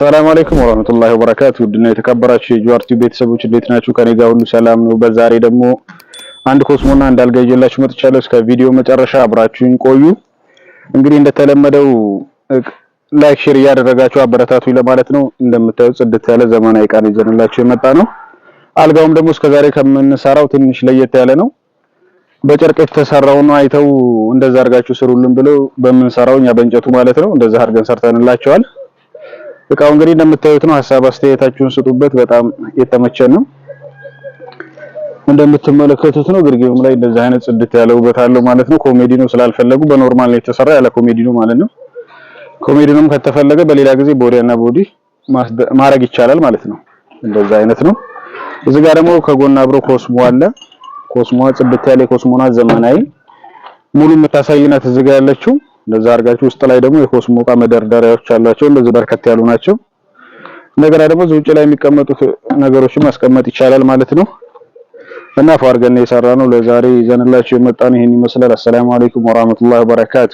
ሰላም አለይኩም ወራህመቱላሂ ወበረካቱ። ውድና የተከበራችሁ የጁሃር ቤተሰቦች እንዴት ናችሁ? ከኔ ጋር ሁሉ ሰላም ነው። በዛሬ ደግሞ አንድ ኮስሞና አንድ አልጋ ይዤላችሁ መጥቻለሁ። እስከ ቪዲዮ መጨረሻ አብራችሁኝ ቆዩ። እንግዲህ እንደተለመደው ላይክ፣ ሼር እያደረጋችሁ አበረታቱኝ ለማለት ነው። እንደምታዩት ጽድት ያለ ዘመናዊ ዕቃ ነው ይዘንላችሁ የመጣ ነው። አልጋውም ደግሞ እስከዛሬ ከምንሰራው ትንሽ ለየት ያለ ነው። በጨርቅ የተሰራው ነው። አይተው እንደዛ አድርጋችሁ ስሩልን ብለው በምንሰራው እኛ በእንጨቱ ማለት ነው እንደዛ አድርገን ሰርተንላቸዋል። እቃው እንግዲህ እንደምታዩት ነው። ሀሳብ አስተያየታችሁን ስጡበት። በጣም የተመቸ ነው እንደምትመለከቱት ነው። ግርጌውም ላይ እንደዚህ አይነት ጽድት ያለ ውበት አለው ማለት ነው። ኮሜዲ ነው ስላልፈለጉ በኖርማል ነው የተሰራ ያለ ኮሜዲ ነው ማለት ነው። ነው ከተፈለገ በሌላ ጊዜ ቦዲያና ቦዲ ማድረግ ይቻላል ማለት ነው። እንደዛ አይነት ነው። እዚህ ጋር ደግሞ ከጎን አብሮ ኮስሞ አለ። ኮስሞ ጽድት ያለ ኮስሞና ዘመናዊ ሙሉ የምታሳይናት እዚህ ጋር ያለችው እንደዛ አድርጋችሁ ውስጥ ላይ ደግሞ የኮስሞ እቃ መደርደሪያዎች አሏቸው። እንደዚህ በርከት ያሉ ናቸው። እንደገና ደግሞ እዚህ ውጭ ላይ የሚቀመጡት ነገሮችን ማስቀመጥ ይቻላል ማለት ነው። እና ፏ አድርገን የሰራ ነው። ለዛሬ ይዘንላችሁ የመጣነው ይህን ይመስላል። አሰላሙ አለይኩም ወራህመቱላሂ ወበረካቱ።